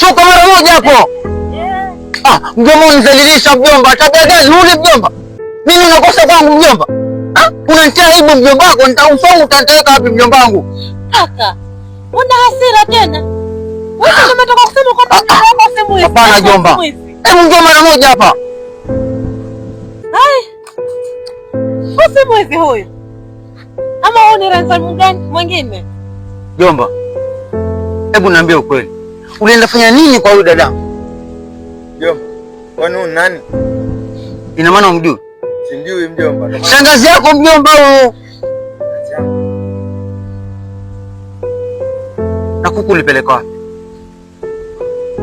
Choka mara moja hapo. Ah, mjomba unizalilisha mjomba. Tabia gani yule mjomba? Mimi nakosa kwangu mjomba. Ah, unanitia aibu mjomba wako, nitausoma utaniteka wapi mjomba wangu? Kaka, una hasira tena? Wewe ah. kama unataka kusema kwamba unataka ah, simu hizi. Hapana mjomba. Hebu njoo mara moja hapa. Hai. Simu hizi huyu. Ama wewe ni ransom gani mwingine? Mjomba. Hebu niambie ukweli ulienda fanya nini kwa huyu dada? Mjomba, kwani huyu nani? Ina maana umjui? Simjui mjomba. Shangazi yako mjomba huyo. Na kuku ulipeleka wapi?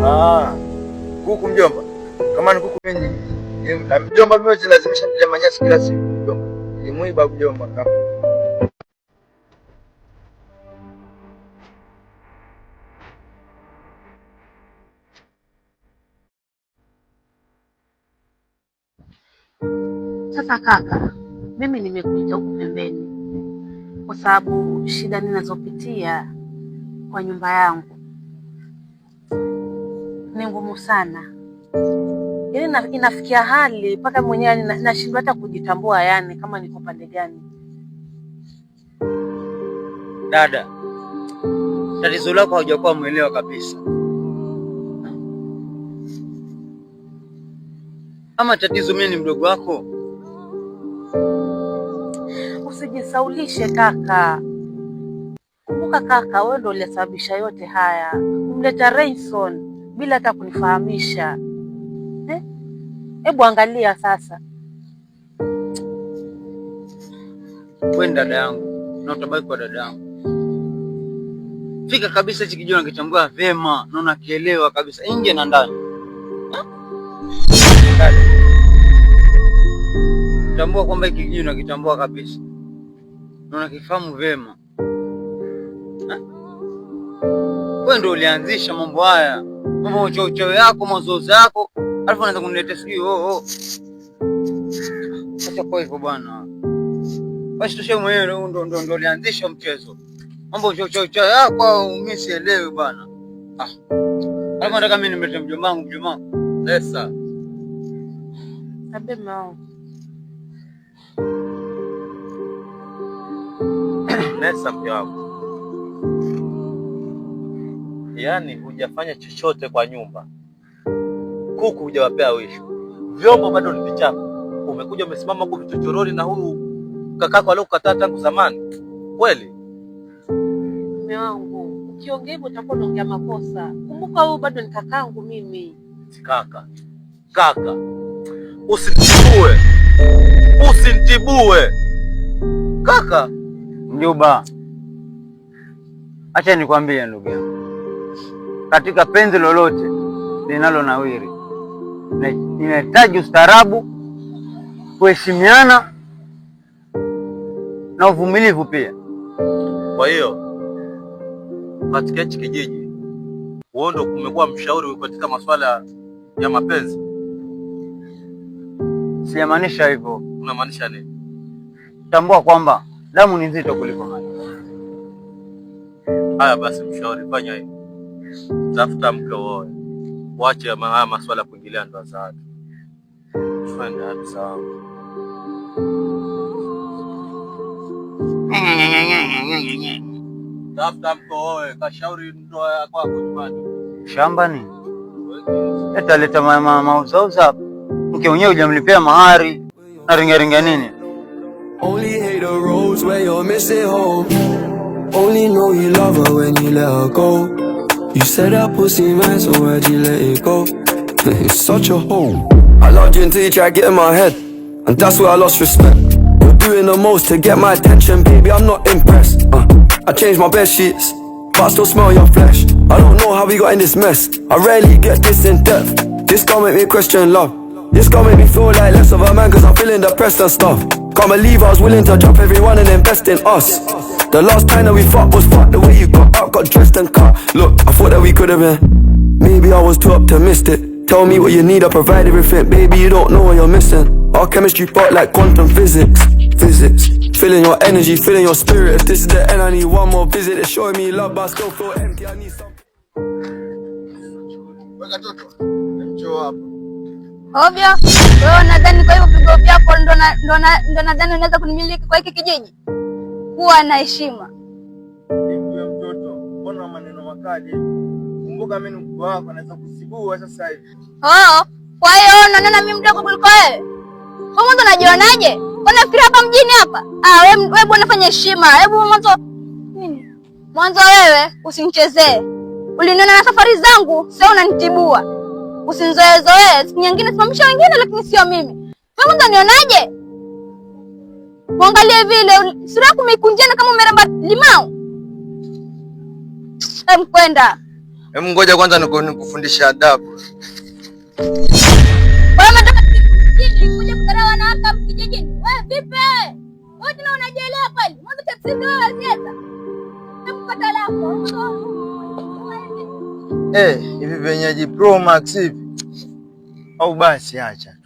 Ah, kuku mjomba. Kama ni kuku mimi. Mjomba mimi lazima manyasi kila siku mjomba. Ni mwiba mjomba kama. Sasa kaka, mimi nimekuita huku pembeni kwa sababu shida ninazopitia kwa nyumba yangu ni ngumu sana, yaani inafikia hali mpaka mwenyewe nashindwa hata kujitambua, yani kama niko pande gani. Dada, tatizo lako haujakuwa mwelewa kabisa. Ama tatizo mimi ni mdogo wako? usijisaulishe kaka. Kumbuka kaka, wewe ndio uliyesababisha yote haya, kumleta Rayson bila hata kunifahamisha. Eh? Hebu eh, angalia sasa. Wewe dada yangu na utabaki kwa dada yangu fika kabisa. Hichi kijana kichambua vyema naona kielewa kabisa nje na ndani, tambua eh? kwamba hiki kijana kitambua kabisa na unakifahamu vyema. Wewe ndio ulianzisha mambo haya, mambo uchawi yako mazozo yako, alafu unaanza kuniletea sijui oh oh. Acha kwa hivyo bwana, basi tuseme mwenyewe ndio ndio ulianzisha mchezo, mambo uchawi yako au mimi sielewi bwana. Ah, alafu nataka mimi nimlete mjomba wangu, mjomba wangu kunitesa mke wangu, yaani hujafanya chochote kwa nyumba, kuku hujawapea wisho, vyombo bado ni vichafu, umekuja umesimama huko vichochoroni na huyu kakako aliokukataa tangu zamani. Kweli mume wangu, ukiongea hivyo utakuwa unaongea makosa. Kumbuka huyu bado ni kakangu mimi. Kaka, kaka, usitibue, usintibue kaka Mjomba, acha nikwambie ndugu yangu, katika penzi lolote linalonawiri inahitaji ustaarabu, kuheshimiana na uvumilivu pia. Kwa hiyo katika hichi kijiji wewe ndio mshauri katika masuala ya mapenzi? Sijamaanisha hivyo. Unamaanisha nini? Tambua kwamba Damu ni nzito kuliko maji. Haya basi, mshauri, fanya hivi, tafuta mke uoe, wache haya maswala ya kuingilia ndoa za watu. Tafuta mke uoe, kashauri ndoa ya kwako nyumbani. Shambani ataleta mauzauza, mke mwenyewe hujamlipia mahari na ringaringa nini? where you're missing home. Only know you love her when you let her go. You said that pussy man, so where'd you let it go? it's such a hole. I loved you until you tried getting my head, and that's where I lost respect. You're doing the most to get my attention, baby. I'm not impressed. Uh, I changed my bed sheets, but I still smell your flesh. I don't know how we got in this mess. I rarely get this in depth. This gon' make me question love. This gon' make me feel like less of a man, cause I'm feeling depressed and stuff. Can't believe I was willing to drop everyone and invest in us. The last time that we fought was fucked. The way you got up, got dressed and cut. Look, I thought that we could have been. Maybe I was too optimistic. Tell me what you need, I provide everything. Baby, you don't know what you're missing. Our chemistry part like quantum physics. Physics. Feeling your energy, feeling your spirit. If this is the end, I need one more visit. to show showing me love, but I still feel empty. I need something. Ovyo Kwa hiyo nadhani kwa hivyo vigo vyako ndo nadhani unaweza kunimiliki kwa hiki kijiji? Kuwa na heshima. Huyo mtoto, mbona maneno makali? Kumbuka mimi ni mkubwa wako, naweza kusibua sasa hivi. Oh, kwa hiyo unaona mimi mdogo kuliko wewe? Kwa Mwanzo unajionaje? Unafikiri hapa mjini hapa? Ah, wewe wewe, bwana fanya heshima. Hebu mwanzo nini? Mwanzo wewe usinichezee. Uliniona na safari zangu, sasa unanitibua usinzoe zoe siku nyingine simamisha wengine, lakini sio mimi. Kwanza nionaje? Mwangalie vile sura yako imekunjana kama umeramba limau. Em, kwenda. Em, ngoja kwanza nikufundisha adabu. Wewe hapa Wewe vipi? Wewe unajielewa wewe? lako. Eh, hivi hey, vyenyeji Pro Max hivi au basi acha